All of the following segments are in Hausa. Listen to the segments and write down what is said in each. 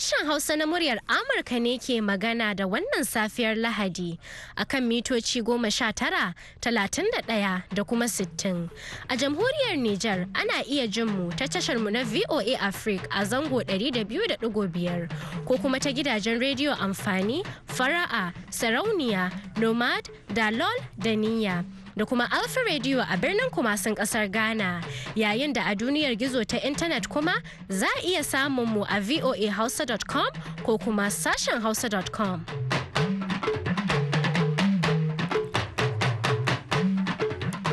Sashen Hausa na muryar Amurka ne ke magana da wannan safiyar Lahadi a kan mitoci goma sha tara, talatin da ɗaya da kuma sittin. A jamhuriyar Nijar ana iya jin mu ta tashar mu na VOA Africa a zango 200.5 ko kuma ta gidajen rediyo amfani, fara'a, sarauniya, nomad, dalol da niyya. da kuma Alpha Radio a birnin kumasin kasar Ghana. Yayin da a duniyar gizo ta intanet kuma za a iya samun mu a voahausa.com ko kuma sashen hausa.com.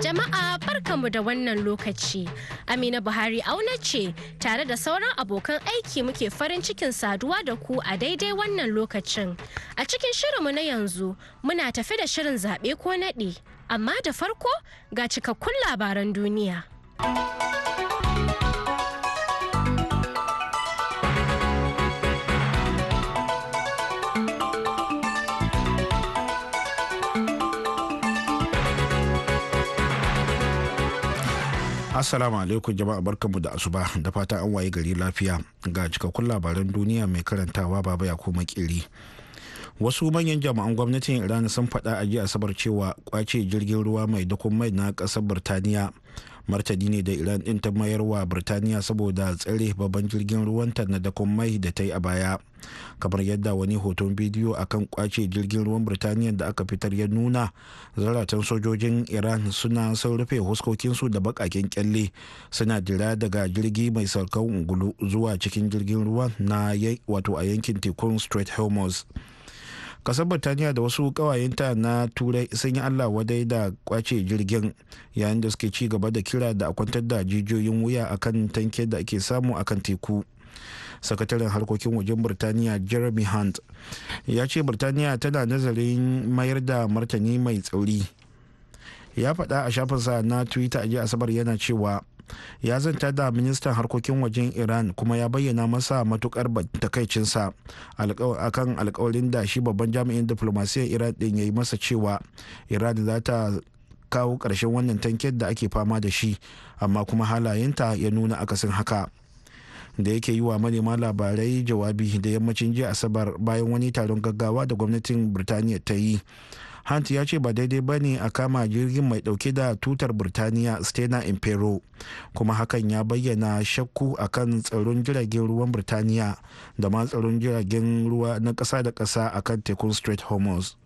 Jama'a barkanmu da wannan lokaci. Amina Buhari auna ce tare da sauran abokan aiki muke farin cikin saduwa da ku a daidai wannan lokacin. A cikin shirinmu na yanzu muna tafi da shirin zaɓe ko naɗi. amma da farko ga cikakkun labaran duniya. Assalamu alaikum jama'a barkanmu da asuba da fata an waye gari lafiya ga cikakkun labaran duniya mai karantawa baba ya koma kiri. wasu manyan jami'an gwamnatin iran sun faɗa a ji asabar cewa kwace jirgin ruwa mai dakon mai na ƙasar birtaniya martani ne da iran din ta mayar wa birtaniya saboda tsare babban jirgin ruwanta na dakon mai da ta yi a baya kamar yadda wani hoton bidiyo akan kwace jirgin ruwan birtaniya da aka fitar ya nuna zaratan sojojin iran suna sun rufe huskokinsu da bakakin kyalle suna jira daga jirgi mai saukan ungulu zuwa cikin jirgin ruwan na wato a yankin tekun strait hormuz kasar birtaniya da wasu kawayenta na turai sun yi allah wadai da kwace jirgin yayin da suke ci gaba da kira da a kwantar da jijiyoyin wuya akan tanke da ake samu akan teku sakataren harkokin wajen birtaniya jeremy hunt ya ce birtaniya tana nazarin mayar da martani mai tsauri ya faɗa a shafinsa na twitter a asabar yana cewa ya zanta da ministan harkokin wajen iran kuma ya bayyana masa matukar takaicinsa akan alkawarin da shi babban jami'in diplomasiyyar iran din ya yi masa cewa iran za ta kawo ƙarshen wannan tankin da ake fama da shi amma kuma halayenta ya nuna akasin haka da yake yi wa manema labarai jawabi da yammacin jiya asabar bayan wani taron gaggawa da gwamnatin birtaniya ta yi hunt ya ce ba daidai ba ne a kama jirgin mai dauke da tutar birtaniya stena impero kuma hakan ya bayyana shakku akan tsaron jiragen ruwan birtaniya da ma tsaron jiragen ruwa na kasa da ƙasa akan tekun strait hormuz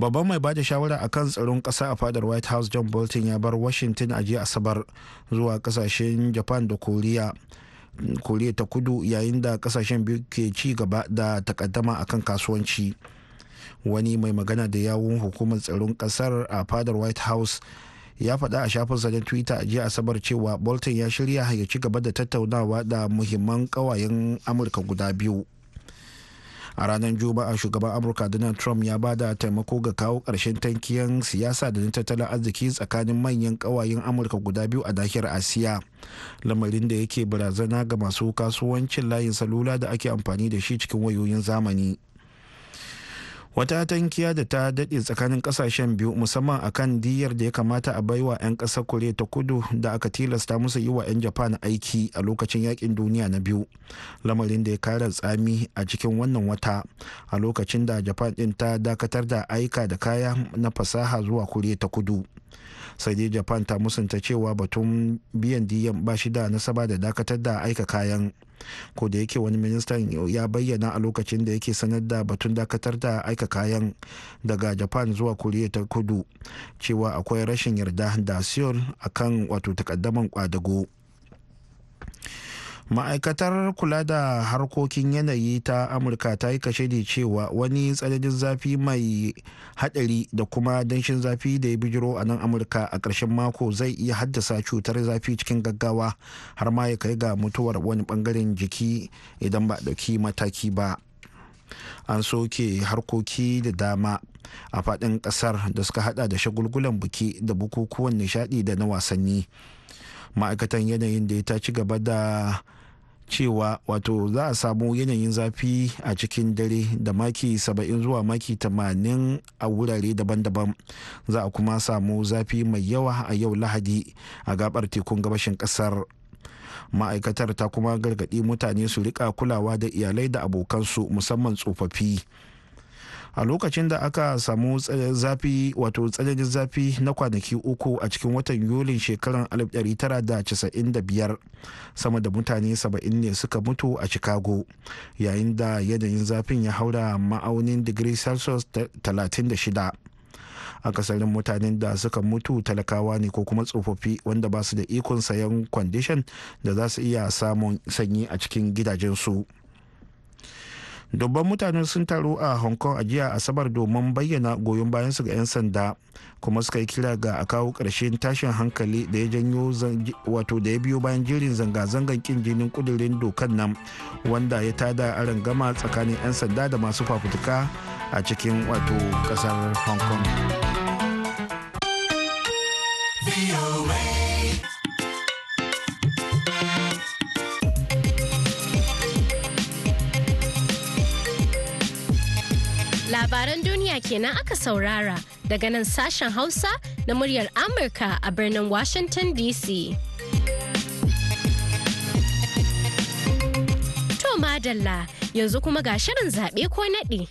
babban mai bada shawara akan tsaron kasa a fadar white house john bolton ya bar washington a jiya asabar zuwa kasashen japan da koriya koriya ta kudu yayin da kasashen biyu ke ci gaba da takaddama akan kasuwanci wani mai magana da yawun hukumar tsaron kasar a fadar white house ya faɗa a shafinsa na twitter a jiya asabar cewa bolton ya shirya ya ci gaba da tattaunawa da muhimman ƙawayen amurka guda biyu a ranar juma'a shugaban amurka donald trump ya ba da taimako ga kawo ƙarshen tankiyan siyasa da na tattalin arziki tsakanin manyan ƙawayen amurka guda biyu a dahiyar asiya lamarin da yake barazana ga masu kasuwancin layin salula da ake amfani da shi cikin wayoyin zamani wata tankiya da ta daɗe tsakanin ƙasashen biyu musamman akan diyar da ya kamata a baiwa 'yan ƙasar kure ta kudu da aka tilasta musu yi wa 'yan japan aiki a lokacin yakin duniya na biyu lamarin da ya kara tsami a cikin wannan wata a lokacin da japan ɗin ta dakatar da aika da kaya na fasaha zuwa kure ta kudu sai dai japan ta musanta cewa batun biyan diyan ba shi da nasaba da dakatar da aika kayan ko da yake wani ministan ya bayyana a lokacin da yake sanar da batun dakatar da aika kayan daga japan zuwa koriya ta kudu cewa akwai rashin yarda da seoul akan wato takaddaman kwadago ma'aikatar kula da harkokin yanayi ta amurka ta yi kashedi cewa wani tsananin zafi mai hadari da kuma danshin zafi da ya bijiro a nan amurka a ƙarshen mako zai iya haddasa cutar zafi cikin gaggawa har ma ya kai ga mutuwar wani bangaren jiki idan ba ɗauki mataki ba an soke harkoki da dama a faɗin ƙasar da suka hada da shagulgulan buki da bukukuwan nishadi da na wasanni ma'aikatan yanayin da ta ci gaba da cewa wato za a samu yanayin zafi a cikin dare da maki 70 zuwa maki 80 a wurare daban-daban za a kuma samu zafi mai yawa a yau lahadi a gabar tekun gabashin kasar ma'aikatar ta kuma gargaɗi mutane su rika kulawa da iyalai da abokansu musamman tsofaffi a lokacin da aka samu zafi wato tsananin zafi na kwanaki uku a cikin watan yulin shekarar 1995 sama da mutane 70 ne suka mutu a chicago yayin da yanayin zafin ya haura ma'aunin digiri celsius 36 akasarin mutanen da suka mutu talakawa ne ko kuma tsofaffi wanda ba su da ikon sayan kwandishan da za su iya samun sanyi a cikin gidajensu. su dubban mutane sun taru a hong kong a jiya asabar domin bayyana goyon bayansu ga 'yan sanda kuma suka yi kira ga a kawo ƙarshen tashin hankali da ya janyo wato da ya biyo bayan jirin zanga-zangan kin jinin kudirin dokan nan wanda ya tada rangama tsakanin 'yan sanda da masu fafutuka a cikin wato ƙasar hong kong kenan aka saurara daga nan sashen Hausa na muryar Amurka a birnin Washington DC. To madalla yanzu kuma ga shirin zaɓe ko naɗi.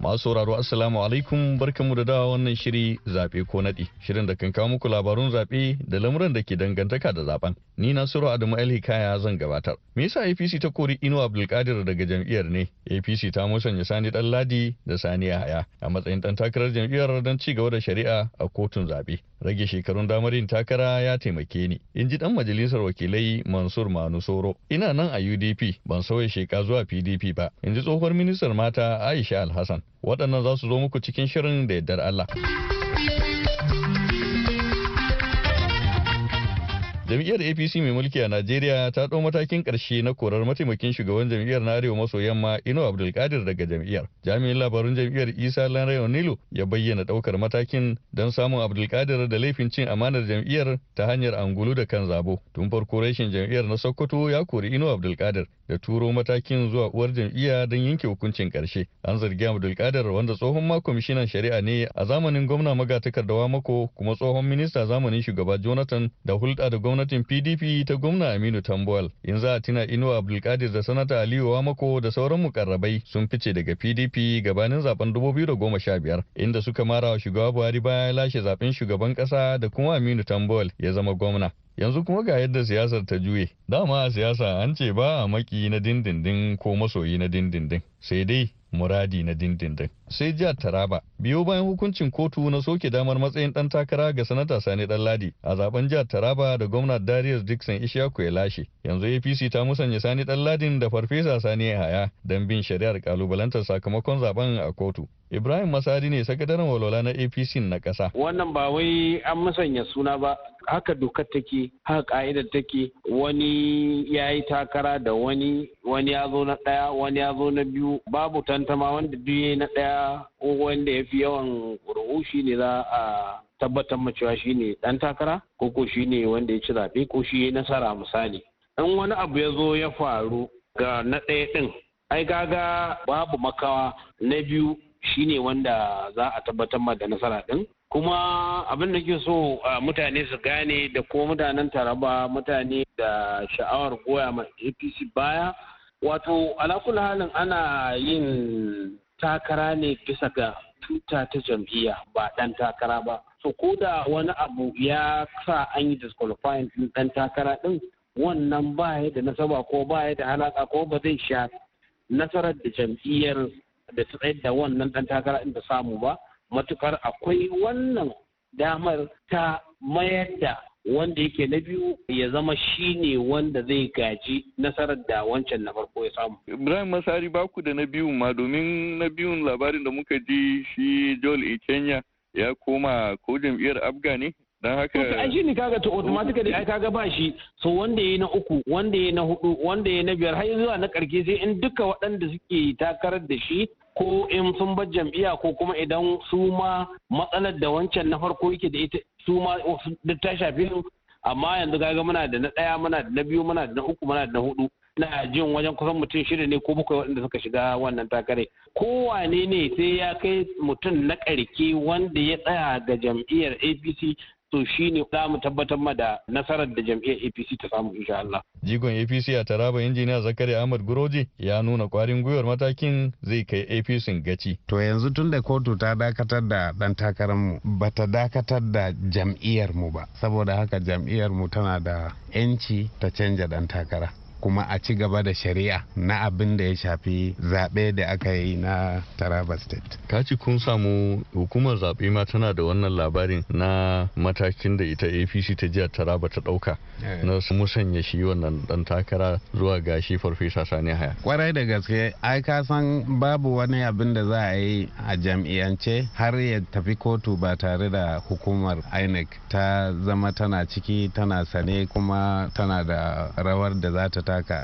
Masu sauraro Assalamu alaikum barkamu da dawa wannan shiri zaɓe ko naɗi. Shirin da kan kawo muku labarun zaɓe da lamuran da ke dangantaka da zaɓen' Ni Nasiru Adamu El Hikaya zan gabatar. Me yasa APC ta kori Inu Abdulkadir daga jam'iyyar ne? APC ta musanya Sani Ɗanladi da Sani Yahaya a matsayin ɗan takarar jam'iyyar don ci gaba da shari'a a kotun zaɓe. Rage shekarun damar yin takara ya taimake ni. In ji ɗan majalisar wakilai Mansur Manu Soro. Ina nan a UDP ban sauya sheka zuwa PDP ba. In ji tsohuwar ministar mata Aisha Alhassan. waɗannan za su zo muku cikin shirin da yardar Allah. jam'iyyar apc mai mulki a najeriya ta ɗau matakin ƙarshe na korar mataimakin shugaban jam'iyyar na arewa maso yamma ino abdulkadir daga jam'iyyar jami'in labarun jam'iyyar isa lanrayo nilo ya bayyana ɗaukar matakin don samun abdulkadir da laifin cin amanar jam'iyyar ta hanyar angulu da kan zabo tun farko rashin jam'iyyar na sokoto ya kori ino abdulkadir ya turo matakin zuwa uwar jam'iyya don yanke hukuncin karshe an zargi abdulkadir wanda tsohon ma kwamishinan shari'a ne a zamanin gwamna magatakarda mako kuma tsohon minista zamanin shugaba jonathan da hulɗa da gwamnatin pdp ta gwamna aminu tambuwal in za a tuna inuwa abdulkadir da sanata aliyu mako da sauran mukarrabai sun fice daga pdp gabanin zaben biyar. inda suka mara wa shugaba buhari baya lashe zaben shugaban ƙasa da kuma aminu tambuwal ya zama gwamna yanzu kuma ga yadda siyasar ta juye dama a siyasa an ce ba a maki na dindindin ko masoyi na dindindin sai dai muradi na dindindin sai jihar taraba biyo bayan hukuncin kotu na soke damar matsayin dan takara ga sanata sani danladi a zaben jihar taraba da gwamna darius dixon ishaku ya lashe yanzu apc ta musanya sani danladin da farfesa sani haya don bin shari'ar kalubalantar sakamakon zaben a kotu ibrahim masari ne sakataren walwala na apc na ƙasa wannan ba wai an musanya suna ba haka dokar take haka ka'idar take wani ya yi takara da wani wani ya zo na ɗaya wani ya zo na biyu babu tantama wanda duk na ɗaya ko wanda ya fi yawan ƙuri'u shi ne za a tabbatar macewa shi ne ɗan takara ko ko shi ne wanda ya ci zaɓe ko shi ya nasara misali in wani abu ya zo ya faru ga na ɗaya ɗin ai gaga babu makawa na biyu Shi ne wanda za a tabbatar da nasara din kuma abin da ke so mutane su gane da ko mutanen taraba mutane da sha'awar goya ma apc baya wato alakul halin ana yin takara ne bisa ga tuta ta jam'iyya ba dan takara ba so ko da wani abu ya sa an yi disqualifying din dan takara din wannan ba da nasaba ko ba da halaka ko ba zai sha nasarar da jam'iyyar da tsayar da wannan ɗan takara inda samu ba matukar akwai wannan damar ta mayar da wanda yake na biyu ya zama shi ne wanda zai gaji nasarar da wancan na farko ya samu. Ibrahim Masari baku da na biyun ma domin na biyun labarin da muka ji shi Joel Ikenya ya koma ko jam'iyyar Abga ne don haka ai shi ne kaga to automatically ai kaga ba shi so wanda yayi na uku wanda yayi na hudu wanda yayi na biyar har zuwa na karke sai in duka waɗanda suke takarar da shi ko in sun bar jam'iyya ko kuma idan su ma matsalar da wancan na farko yake da ita su ma ta shafi su amma yanzu kaga muna da na ɗaya muna da na biyu muna da na uku muna da na hudu na jin wajen kusan mutum shida ne ko bakwai waɗanda suka shiga wannan takarai kowane ne sai ya kai mutum na ƙarke wanda ya tsaya ga jam'iyyar apc to shine za mu tabbatar ma da nasarar da jam'iyyar APC ta samu insha Allah. Jigon APC a Taraba injiniya Zakari Ahmad Guroji ya nuna kwarin gwiwar matakin zai kai APC gaci. To yanzu tun da kotu ta dakatar da dan takarar mu ta dakatar da jam'iyyar mu ba saboda haka jam'iyyar mu tana da 'yanci ta canja dan takara. kuma a ci gaba da shari'a na abin da ya shafi zaɓe da aka yi na taraba state ka ci kun samu hukumar zaɓe ma tana da wannan labarin na matakin da ita apc ta jiya taraba ta ɗauka eh. na musanya shi wannan ɗan takara zuwa gashi farfesa sani haya kwarai da gaske ai ka san babu wani abin da za a yi a jam'iyyance har ya tafi kotu ba tare da hukumar inec ta zama tana ciki tana sane kuma tana da rawar da za ta taka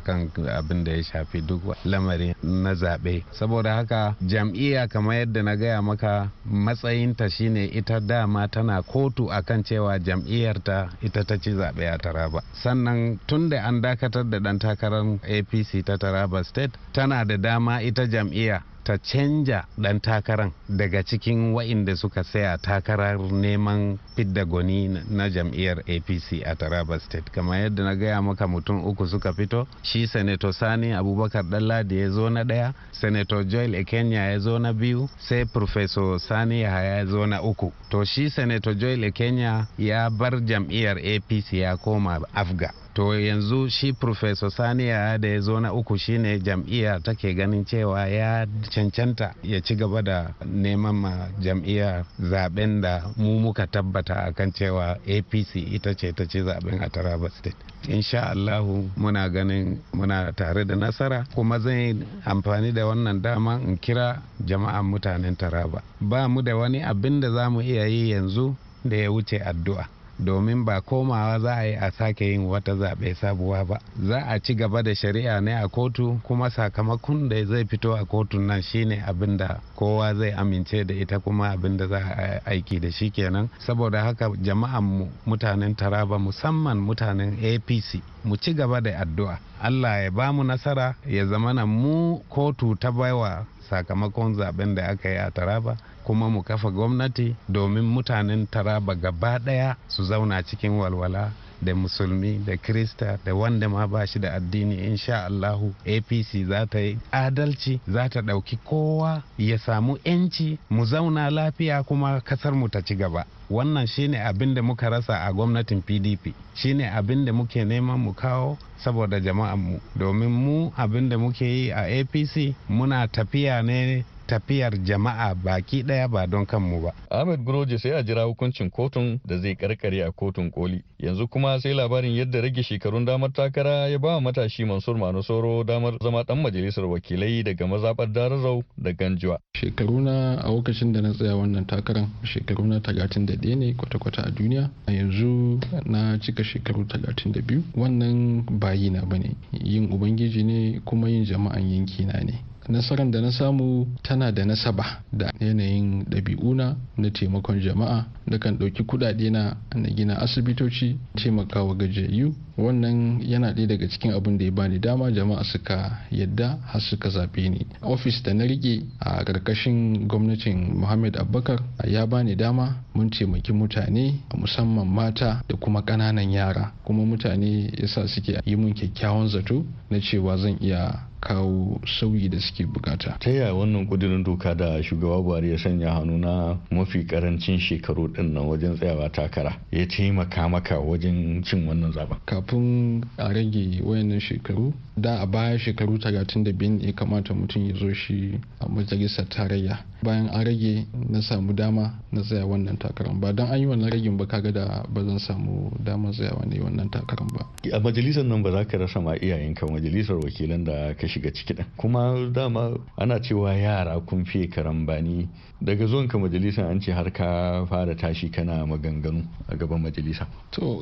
kan abin da ya shafi duk lamari na zaɓe saboda haka jam'iyya kamar yadda na gaya maka matsayinta shine ita dama tana kotu akan cewa jam'iyyarta ita ta ci zaɓe a taraba sannan tun da an dakatar da ɗan takarar apc ta taraba state tana da dama ita jam'iyya ta canja dan takaran daga cikin wa'inda suka saya takarar neman fidda gwani na jam'iyyar apc a taraba state kamar yadda na gaya maka mutum uku suka fito shi sanato sani abubakar dalladi ya zo na daya sanato joel ekenya ya zo na biyu sai professor sani yahaya ya zo na uku to shi sanato joel ekenya ya bar jam'iyyar apc ya koma afga to yanzu shi professor saniya da ya zo na uku shine jam'iyya take ganin cewa ya cancanta ya ci gaba da neman ma jam'iyya zaben da mu muka tabbata a kan cewa apc ita ce ta ci zaben a taraba state insha allahu muna ganin muna tare da nasara kuma zan yi amfani da wannan dama in kira jama'an mutanen taraba ba mu da wani abin da za mu iya yi yanzu da ya wuce addu'a domin ba komawa za a yi a sake yin wata zaɓe sabuwa ba za a ci gaba da shari'a ne a kotu kuma sakamakon da zai fito a kotu nan shine abin da kowa zai amince da ita kuma abin da za a aiki da shi kenan saboda haka jama'an mu mutanen taraba musamman mutanen apc mu ci gaba da addu'a allah ya ba mu nasara ya zamana mu kotu ta baiwa sakamakon zaben da aka yi a taraba kuma mu kafa gwamnati domin mutanen taraba gaba ɗaya su zauna cikin walwala da musulmi da krista da wanda ma ba shi da addini insha Allahu APC za ta yi adalci za ta ɗauki kowa ya samu 'yanci mu zauna lafiya kuma kasar mu ta ci gaba wannan shine abin da muka rasa a gwamnatin PDP shine abin da muke neman mu kawo saboda jama'an mu domin mu abin da muke yi a APC muna tafiya ne tafiyar jama'a baki daya ba don kanmu ba. Ahmed Guroje sai a jira hukuncin kotun da zai karkare a kotun koli. Yanzu kuma sai labarin yadda rage shekarun damar takara ya ba matashi Mansur Manusoro damar zama dan majalisar wakilai daga mazabar Darazau da Ganjuwa. Shekaruna a lokacin da na tsaya wannan takaran shekaruna talatin da ɗaya ne kwata-kwata a duniya. A yanzu na cika shekaru talatin da biyu. Wannan bayi na bane yin Ubangiji ne kuma yin jama'an yankina ne. nasarar da na samu tana da nasaba da yanayin ɗabi'una na taimakon jama'a da kan ɗauki kuɗaɗe na na gina asibitoci taimakawa gajiyayyu wannan yana ɗaya daga cikin abin da ya bani dama jama'a suka yadda har suka zaɓe ni ofis da na rike a ƙarƙashin gwamnatin muhammad abubakar ya bani dama mun taimaki mutane musamman mata da kuma ƙananan yara kuma mutane yasa suke yi mun kyakkyawan zato na cewa zan iya kawo sauyi da suke bukata. Ta yaya wannan kudirin doka da shugaba Buhari ya sanya hannu na mafi karancin shekaru din nan wajen tsayawa takara ya taimaka maka wajen cin wannan zaben. Kafin a rage wayannan shekaru da a baya shekaru 35 ne ya kamata mutum ya zo shi a majalisar tarayya bayan an rage na samu dama na tsaya wannan takarar ba don an yi wannan ragin ba kaga da ba zan samu damar tsayawa ne wannan takarar ba. A majalisar nan ba za ka rasa ma iyayenka majalisar wakilan da ka shiga ciki da kuma dama ana cewa yara kun fiye karambani daga zuwan ka majalisa an ce har ka fara tashi kana maganganu a gaban majalisa to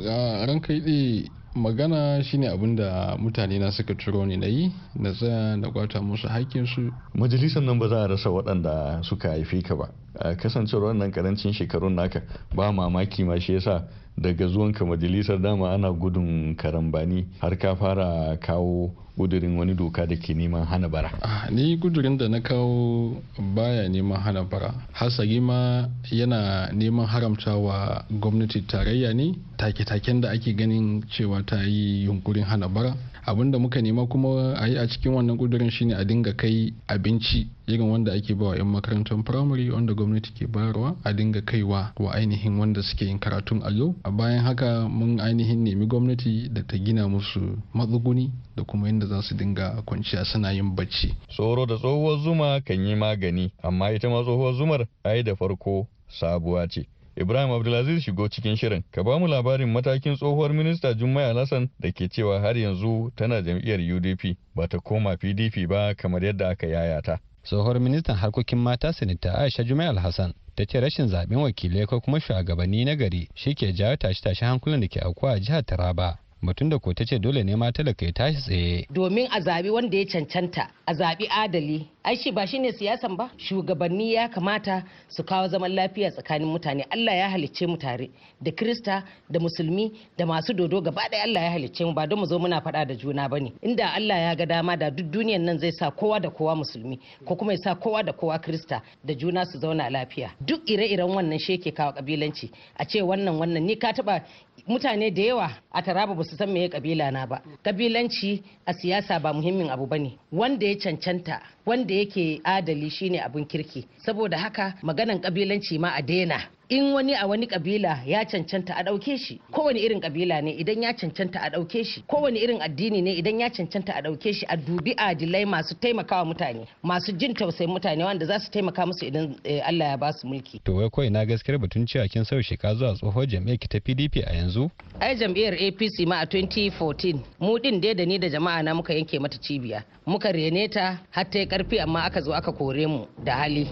kai ɗi magana shine abin da mutane na suka turo ni na yi na tsaya na gwata musu haƙƙinsu majalisan nan ba za a rasa waɗanda suka haife ka ba kasancewar wannan karancin shekarun naka ba mamaki ma shi yasa daga zuwanka majalisar dama ana gudun karambani har ka fara kawo gudurin wani doka da ke neman hana bara ah, ni gudurin da na kawo baya neman hana bara hasari ma yana neman haramta wa gwamnati tarayya ne take-taken da ake ganin cewa ta yi yunkurin hana bara abin da muka nema kuma a yi a cikin wannan kudurin shine a dinga kai abinci irin wanda ake bawa 'yan makarantar firamare wanda gwamnati ke bayarwa a dinga kaiwa wa ainihin wanda suke yin karatun allo a bayan haka mun ainihin nemi gwamnati da ta gina musu matsuguni da kuma yadda za su dinga kwanciya suna yin bacci tsoro da tsohuwar zuma kan yi magani amma ita ma tsohuwar zumar ai da farko sabuwa ce Ibrahim Abdulaziz shigo cikin shirin. Ka ba mu labarin matakin tsohuwar minista Jummai Alhassan da ke cewa har yanzu tana jam'iyyar UDP ba ta koma PDP ba kamar yadda aka yayata. Tsohuwar ministan harkokin mata Sinita Aisha Jummai Alhassan ta ce rashin zaɓen wakilai ko kuma shugabanni na gari shi ke jawo tashe-tashen hankulan da ke aukuwa a jihar Taraba. mutum da ko ta ce dole ne mata da kai tashi tsaye. Domin a zaɓi wanda ya cancanta, a zaɓi adali, ai shi ba shine siyasan ba shugabanni ya kamata su kawo zaman lafiya tsakanin mutane Allah ya halicce mu tare da Krista da musulmi da masu dodo gaba ɗaya Allah ya halicce mu ba don mu zo muna faɗa da juna ba bane inda Allah ya ga dama da duk duniyan nan zai sa kowa da kowa musulmi ko kuma ya sa kowa da kowa Krista da juna su zauna lafiya duk ire-iren wannan sheke kawo kabilanci a ce wannan wannan ni ka taba mutane da yawa a taraba ba su san meye kabila na ba kabilanci a siyasa ba muhimmin abu bane wanda ya cancanta wanda yake adali shine abin kirki saboda haka maganan kabilanci ma a daina in wani a wani kabila ya cancanta a ɗauke shi kowane irin kabila ne idan ya cancanta a ɗauke shi kowane irin addini ne idan ya cancanta a ɗauke shi a dubi adilai masu taimakawa mutane masu jin tausayin mutane wanda za su taimaka musu idan eh, Allah ya ba su mulki. To wai koyi na gaskiyar batun cewa kin sau shika zuwa tsohon jam'iyyar ta PDP a yanzu? Ai jam'iyyar APC ma a 2014 mu din dai da ni da jama'a na muka yanke mata cibiya muka rene ta har ta yi karfi amma aka zo aka kore mu da hali.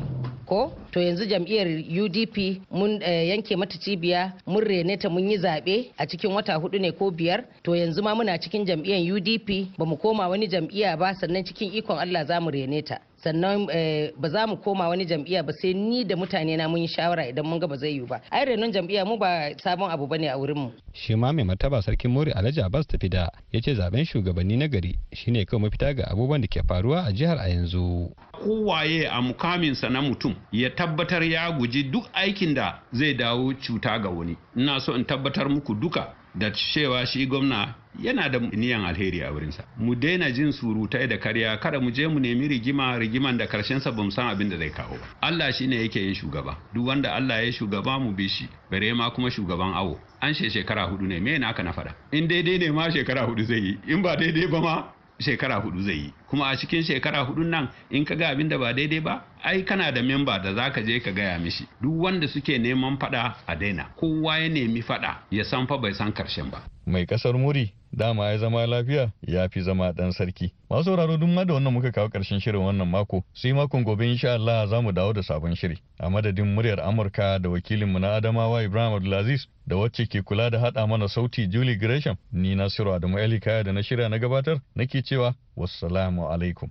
ko to yanzu jam'iyyar udp mun eh, yanke mata cibiya mun rene ta mun yi zaɓe a cikin wata hudu ne ko biyar to yanzu ma muna cikin jam'iyyar udp ba mu koma wani jam'iyya ba sannan cikin ikon allah za mu rene ta sannan eh, ba za mu koma wani jam'iyya ba sai ni da mutane na mun yi shawara idan mun ga ba zai yiwu ba ai renon jam'iyya mu ba sabon abu bane a wurin mu shi ma mai martaba sarkin mori alhaji abbas tafida ya ce zaben shugabanni na gari shine kawai mafita ga abubuwan da ke faruwa a jihar a yanzu kowaye a mukaminsa na mutum ya tabbatar ya guji duk aikin da zai dawo cuta ga wani ina so in tabbatar muku duka da cewa shi gwamna yana da niyan alheri a wurinsa mu daina jin surutai da karya kada mu je mu nemi rigima rigiman da karshen sa bamu san abin da zai kawo Allah shi ne yake yin shugaba duk wanda Allah ya shugaba mu bi shi bare ma kuma shugaban awo an she shekara hudu ne me aka na fada in daidai ne ma shekara hudu zai yi in ba daidai ba ma shekara hudu zai yi kuma a cikin shekara hudun nan in ka ga abin da ba daidai ba ai kana da memba da za ka je ka gaya mishi duk wanda suke neman fada a daina kowa ya nemi fada ya san fa bai san karshen ba mai kasar muri dama ya zama lafiya ya fi zama dan sarki masu sauraro duk ma da wannan muka kawo karshen shirin wannan mako sai makon gobe insha Allah za mu dawo da sabon shiri a madadin muryar Amurka da wakilin mu na Adamawa Ibrahim Abdulaziz da wacce ke kula da hada mana sauti Julie Gresham ni Nasiru Adamu Ali Kaya da na shirya na gabatar nake cewa wassalamu alaikum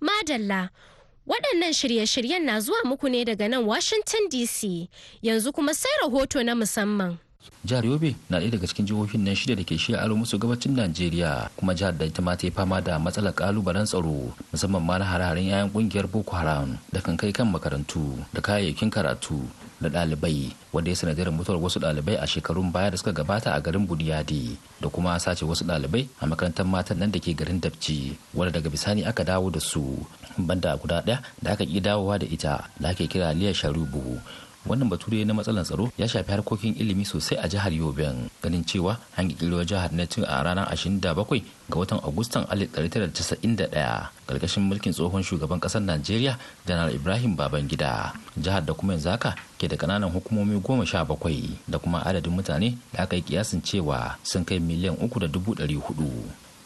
madalla Waɗannan shirye-shiryen na zuwa muku ne daga nan Washington DC yanzu kuma sai rahoto na musamman. jihar yobe na ɗaya daga cikin jihohin nan shida da ke shi aro musu gabacin najeriya kuma jihar da ita ma ta yi fama da matsalar kalubalen tsaro musamman ma na hare-haren 'ya'yan ƙungiyar boko haram da kan kai kan makarantu da kayayyakin karatu na dalibai wanda ya sanadiyar mutuwar wasu dalibai a shekarun baya da suka gabata a garin budiyadi da kuma sace wasu dalibai a makarantar matan nan da ke garin Dabci wanda daga bisani aka dawo da su banda guda daya da aka ƙi dawowa da ita da ake kira Liya Sharubu wannan bature na matsalan tsaro ya shafi harkokin ilimi sosai a jihar yoben ganin cewa an kirkiro jihar na tun a ranar bakwai ga watan agustan 1991 karkashin mulkin tsohon shugaban kasar najeriya janar ibrahim babangida jihar da kuma yanzu haka ke da kananan hukumomi goma sha bakwai da kuma adadin mutane da aka yi kiyasin cewa sun kai miliyan uku da dubu ɗari hudu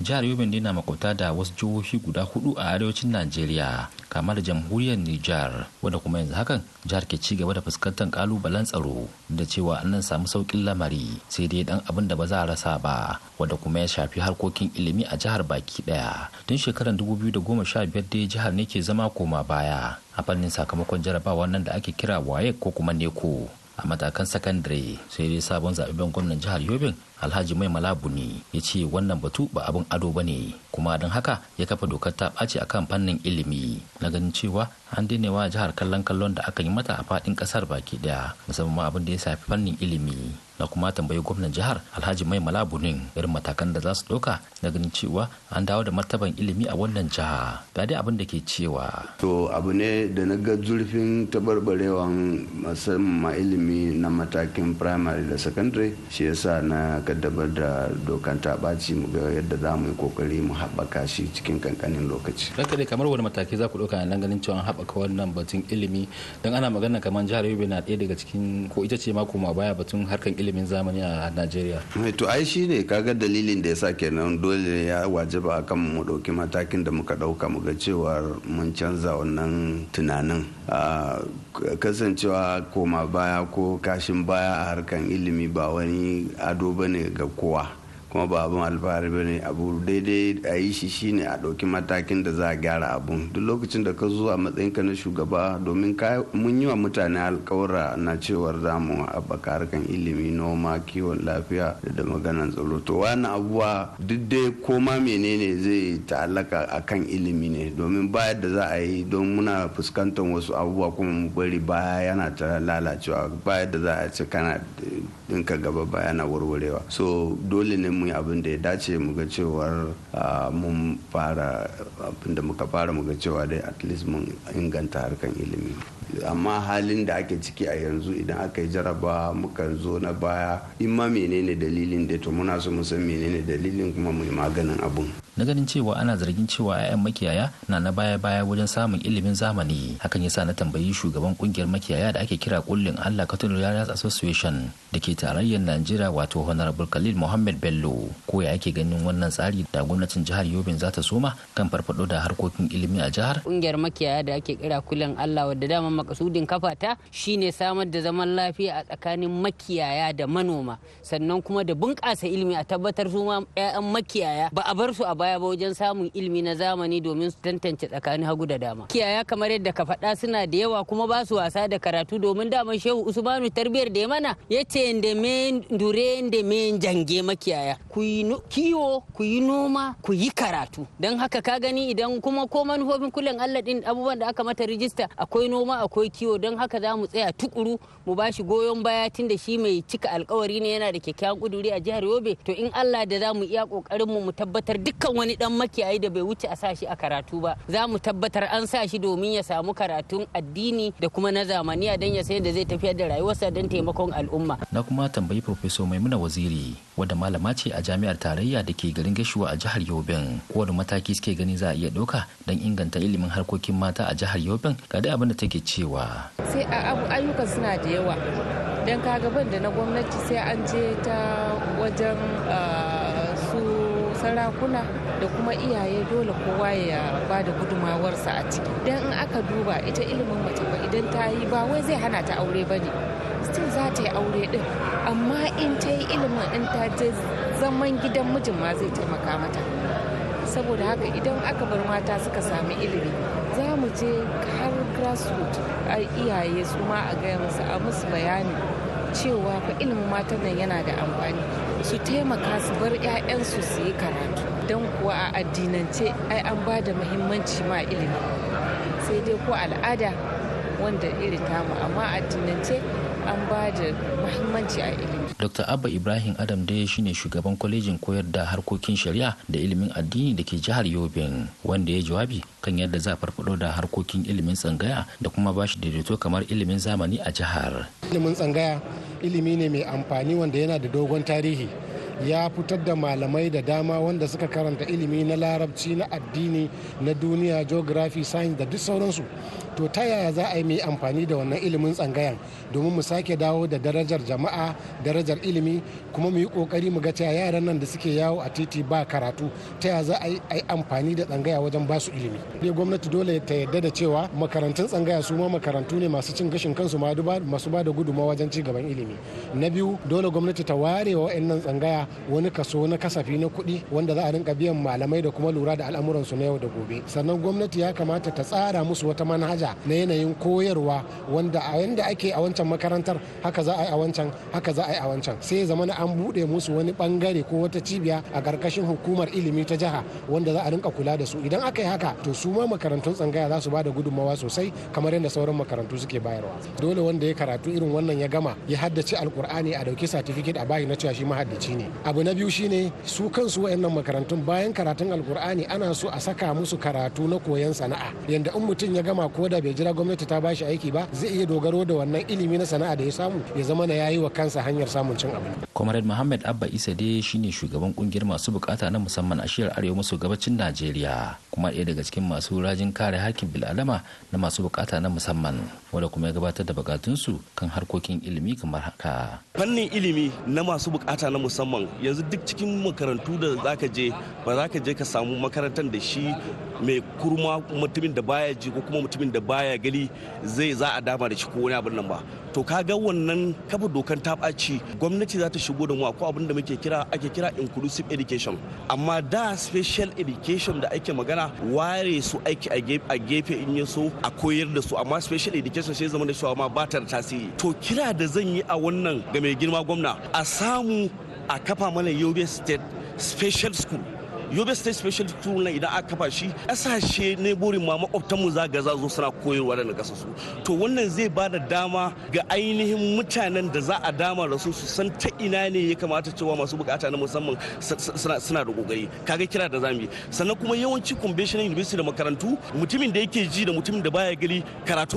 jihar yobe ne na makwabta da wasu jihohi guda hudu a arewacin najeriya kamar jamhuriyar nijar wanda kuma yanzu hakan jihar ke ci gaba da fuskantar kalubalen tsaro da cewa an nan samu saukin lamari sai dai dan abin da ba za a rasa ba wanda kuma ya shafi harkokin ilimi a jihar baki daya tun shekarar biyar dai jihar ne ke zama koma baya a fannin sakamakon jarabawa nan da ake kira waye ko kuma neko a matakan sakandare sai dai sabon zaɓen gwamnan jihar yobin alhaji mai malabu ne ya ce wannan batu ba abin ado ba ne kuma don haka ya kafa dokar ta ɓace a kan fannin ilimi na ganin cewa an daina wa jihar kallon kallon da aka yi mata a faɗin ƙasar baki ɗaya musamman abin da ya shafi fannin ilimi na kuma tambayi gwamnan jihar alhaji mai malabunin irin matakan da za su ɗauka na ganin cewa an dawo da martaban ilimi a wannan jiha ga dai abin da ke cewa to abu ne da na ga zurfin tabarbarewan musamman ilimi na matakin primary da secondary shi yasa na kaddabar da dokan ta ɓaci mu ga yadda za mu yi kokari mu haɓaka shi cikin kankanin lokaci ranka dai kamar wani mataki za ku ɗauka na ganin cewa an haɓaka wannan batun ilimi don ana magana kamar jihar yobe na ɗaya daga cikin ko ita ce ma ma baya batun harkan ilimi ilimin zamani a najeriya eh, to ai shi ne kaga dalilin da ya sa kenan dole ya wajaba kan mu ɗauki matakin da muka ɗauka mu ga cewar mun canza wannan tunanin kasancewa koma baya ko kashin baya a harkar ilimi ba wani ado bane ga kowa kuma ba abun alfahari ba ne abu daidai a yi shi shine a ɗauki matakin da za a gyara abun duk lokacin da ka zo a ka na shugaba domin mun yi wa mutane alkawura na cewar za mu harkan ilimi noma kiwon lafiya da maganan tsaro to wani abuwa duk dai koma menene zai ta'allaka a kan ilimi ne domin ba da za a yi don muna fuskantar wasu abubuwa kuma mu bari baya yana ta lalacewa ba da za a ce kana ɗinka gaba baya na warwarewa so dole ne mu yi abin da ya dace mu ga cewar mun fara abin da muka fara mu ga cewa dai at least mun inganta harkan ilimi amma halin da ake ciki a yanzu idan aka yi jaraba muka zo na baya in ma menene dalilin da to muna so mu san menene dalilin kuma mu yi maganin abun na ganin cewa ana zargin cewa 'ya'yan makiyaya na na baya-baya wajen samun ilimin zamani hakan yasa na tambayi shugaban kungiyar makiyaya da ake kira kullin Allah Cattle Yaras Association da ke tarayyar Najeriya wato Honorable Khalil Mohammed Bello ko ya ake ganin wannan tsari da gwamnatin jihar Yobin za ta soma kan farfado da harkokin ilimi a jihar kungiyar makiyaya da ake kira kullin Allah wadda dama makasudin kafata shine samar da zaman lafiya a tsakanin makiyaya da manoma sannan kuma da bunƙasa ilimi a tabbatar suma 'ya'yan makiyaya ba a bar su a baya ba wajen samun ilimi na zamani domin su tantance tsakanin hagu da dama kiyaya kamar yadda ka faɗa suna da yawa kuma ba su wasa da karatu domin daman shehu usmanu tarbiyar da ya mana ya ce da me dure da me jange makiyaya ku yi kiwo ku yi noma ku yi karatu don haka ka gani idan kuma ko manufofin kulen allah din abubuwan da aka mata rijista akwai noma akwai kiwo don haka za mu tsaya tukuru mu ba shi goyon baya tun da shi mai cika alkawari ne yana da kyakkyawan kuduri a jihar yobe to in allah da za mu iya kokarin mu mu tabbatar dukkan kan wani dan makiyayi da bai wuce a sa shi a karatu ba za mu tabbatar an sa shi domin ya samu karatun addini da kuma na zamaniya don ya sayar da zai tafiyar da rayuwarsa don taimakon al'umma na kuma tambayi professor maimuna waziri wadda malama ce a jami'ar tarayya da ke garin gashuwa a jihar yobin kowane mataki suke gani za a iya ɗauka don inganta ilimin harkokin mata a jihar yobin ga dai abin da take cewa sai a ayyukan suna da yawa don kaga ban da na gwamnati sai an je ta wajen ah, sarakuna da kuma iyaye dole kowa ya ba da gudumawarsa a ciki dan in aka duba ita ilimin mace ba idan ta yi ba wai zai hana ta aure ba ne still za ta yi aure din amma in ta yi ilimin in ta je zaman gidan mijin ma zai taimaka mata saboda haka idan aka bar mata suka sami ilimi za mu je har grassroots a iyaye su ma a gaya musu a musu bayani cewa fa ilimin matan nan yana da amfani su taimaka su bar 'ya'yansu su yi karatu don kuwa a addinance ai an ba da muhimmanci ma ilimi sai dai ko al'ada wanda iri tamu amma addinance an ba da muhimmanci a ilimi. Dr. Abba Ibrahim Adam dai shine shugaban kwalejin koyar da harkokin shari'a da ilimin addini da ke jihar Yobin wanda ya jawabi kan yadda za a farfado da harkokin ilimin tsangaya da kuma ba shi daidaito kamar ilimin zamani a jihar. Ilimin tsangaya ilimi ne mai amfani wanda yana da dogon tarihi ya fitar da malamai da dama wanda suka karanta ilimi na larabci na addini na duniya geography science da duk sauransu to ta yaya za a yi mai amfani da wannan ilimin tsangayan domin mu sake dawo da darajar jama'a darajar ilimi kuma mu yi kokari mu ga cewa yaran nan da suke yawo a titi ba karatu ta yaya za a yi amfani da tsangaya wajen basu ilimi ne gwamnati dole ta yadda da cewa makarantun tsangaya su ma makarantu ne masu cin gashin kansu masu ba da guduma wajen ci gaban ilimi na biyu dole gwamnati ta ware wa wa'annan tsangaya wani kaso na kasafi na kuɗi wanda za a rinka biyan malamai da kuma lura da al'amuransu na yau da gobe sannan gwamnati ya kamata ta tsara musu wata manhaja canja na yanayin koyarwa wanda a yanda ake a wancan makarantar haka za a yi a wancan haka za a yi a wancan sai ya zama an bude musu wani bangare ko wata cibiya a karkashin hukumar ilimi ta jiha wanda za a rinka kula da su idan aka yi haka to su ma makarantun tsangaya za su ba da gudunmawa sosai kamar yadda sauran makarantu suke bayarwa dole wanda ya karatu irin wannan ya gama ya haddace alkur'ani a dauki satifiket a bayi na cewa shi mahaddaci ne abu na biyu shine su kansu wayannan makarantun bayan karatun alkur'ani ana so a saka musu karatu na koyon sana'a yanda in mutum ya gama ko da bai jira gwamnati ta bashi aiki ba zai iya dogaro da wannan ilimi na sana'a da ya samu ya zama na yayi wa kansa hanyar samun cin abin. Comrade Muhammad Abba Isa dai shine shugaban kungiyar masu bukata na musamman a shiyar arewa maso gabacin Najeriya kuma ɗaya daga cikin masu rajin kare hakkin bil'adama na masu bukata na musamman wanda kuma ya gabatar da bukatunsu kan harkokin ilimi kamar haka. Fannin ilimi na masu bukata na musamman yanzu duk cikin makarantu da zaka je ba za ka je ka samu makarantar da shi mai kurma mutumin da baya ji ko kuma mutumin da baya gani zai za a dama da shi ko wani abin nan ba to kaga wannan kafa dokan ta ɓaci gwamnati za ta shigo da mu akwai abin da muke kira ake kira inclusive education amma da special education da ake magana ware su aiki a gefe in ya so a koyar da su amma special education sai zama da shi ma ba ta da tasiri to kira da zan yi a wannan ga mai girma gwamna a samu a kafa mana yobe state special school yobe state special tool na idan aka kafa shi kasashe ne burin ma mu za ga za zo suna koyarwa da kasa su to wannan zai ba da dama ga ainihin mutanen da za a dama da su su san ta ina ne ya kamata cewa masu bukata na musamman suna da kokari kaga kira da zamu yi sannan kuma yawanci conventional university da makarantu mutumin da yake ji da mutumin da baya gari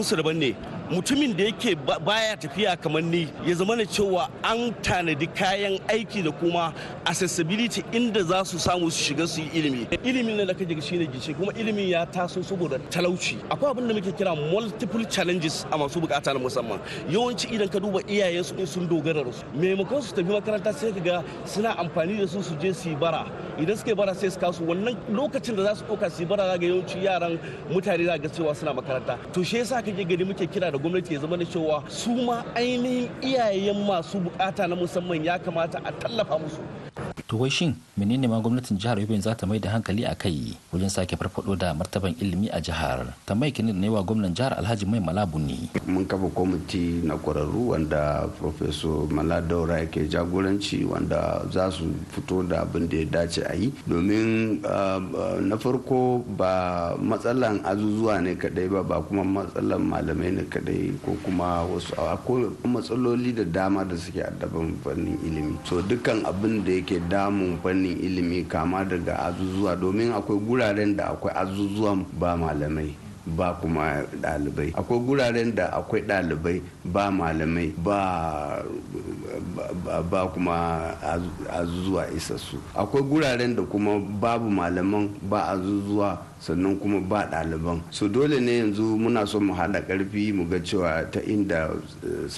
su daban ne mutumin da yake baya tafiya kamar ni ya zama na cewa an tanadi kayan aiki da kuma accessibility inda za su samu su shiga su yi ilimi ilimin nan da kake shi ne kuma ilimin ya taso saboda talauci akwai abin da muke kira multiple challenges a masu bukata na musamman yawanci idan ka duba iyayen su in sun dogara da su maimakon su tafi makaranta sai ka ga suna amfani da su su je su bara idan suke bara sai su kasu wannan lokacin da za su ɗauka su bara za ga yawanci yaran mutane za ga cewa suna makaranta to shi yasa kake gani muke kira da gwamnati ya zama da cewa su ma ainihin iyayen masu bukata na musamman ya kamata a tallafa musu to wai shin menene ma gwamnatin jihar Yobe za ta mai da hankali a kai wajen sake farfado da martaban ilimi a jihar ta mai kini da wa gwamnan jihar Alhaji Mai Malabu ne mun kafa kwamiti na kwararru wanda professor Maladaura yake jagoranci wanda za su fito da abin da ya dace a yi domin ah, na farko ba matsalan azuzuwa ne kadai ba ba kuma matsalan malamai ne kadai ko kuma wasu akwai matsaloli da dama da suke a daban fannin ilimi so dukkan abin da yake damun fannin ilimi kama daga azuzuwa domin akwai guraren da akwai azuzuwan ba malamai ba kuma ɗalibai akwai guraren da akwai ɗalibai ba malamai ba ba kuma azuzuwa isassu akwai guraren da kuma babu malaman ba azuzuwa sannan kuma ba ɗaliban su dole ne yanzu muna so mu haɗa ƙarfi mu ga cewa ta inda eh,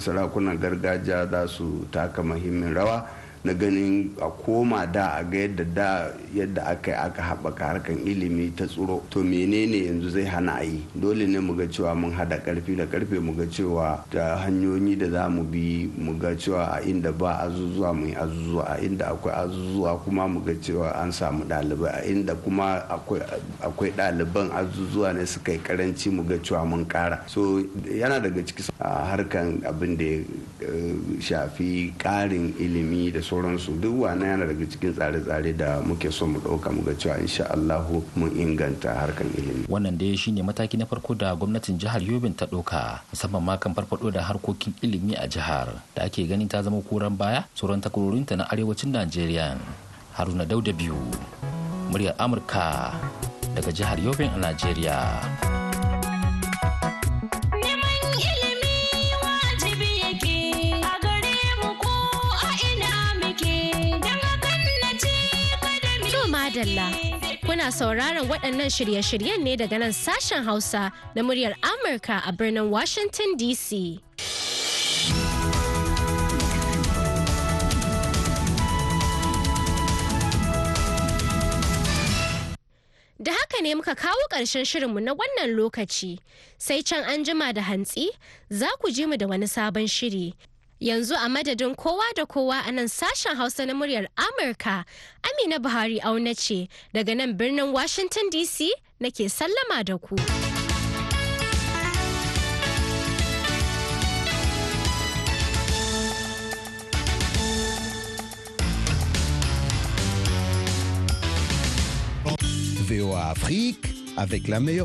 sarakunan gargajiya za su taka muhimmin rawa na ganin a koma da a ga yadda da yadda aka yi aka haɓaka harkan ilimi ta tsoro to menene yanzu zai hana a yi dole ne mu ga cewa mun hada karfi da karfe mu ga cewa da hanyoyi da za mu bi mu ga cewa a inda ba azuzuwa mu yi azuzuwa a inda akwai azuzuwa kuma mu ga cewa an samu ɗalibai a inda kuma akwai ɗaliban azuzuwa ne suka yi karanci mu ga cewa mun ƙara so yana daga ciki ah, harkan abin da ya eh, shafi ƙarin ilimi da su sauransu duk wannan yana daga cikin tsare-tsare da muke so mu ɗauka mu ga cewa insha Allah mun inganta harkan ilimi. Wannan dai shine mataki na farko da gwamnatin jihar Yobin ta ɗauka musamman ma kan farfado da harkokin ilimi a jihar da ake ganin ta zama koran baya sauran takwarorinta na arewacin Najeriya. Haruna Dauda biyu muryar Amurka daga jihar Yobin a Najeriya. Adalla. Kuna sauraron waɗannan shirye-shiryen ne daga nan sashen Hausa na muryar Amurka a birnin Washington DC. Da haka ne muka kawo ƙarshen shirinmu na wannan lokaci, sai can an jima da hantsi za ku ji mu da wani sabon shiri. Yanzu a madadin kowa da kowa a nan sashen Hausa na muryar Amurka, Amina Buhari auna ce daga nan birnin Washington DC nake sallama da ku. Afrique avec la meilleure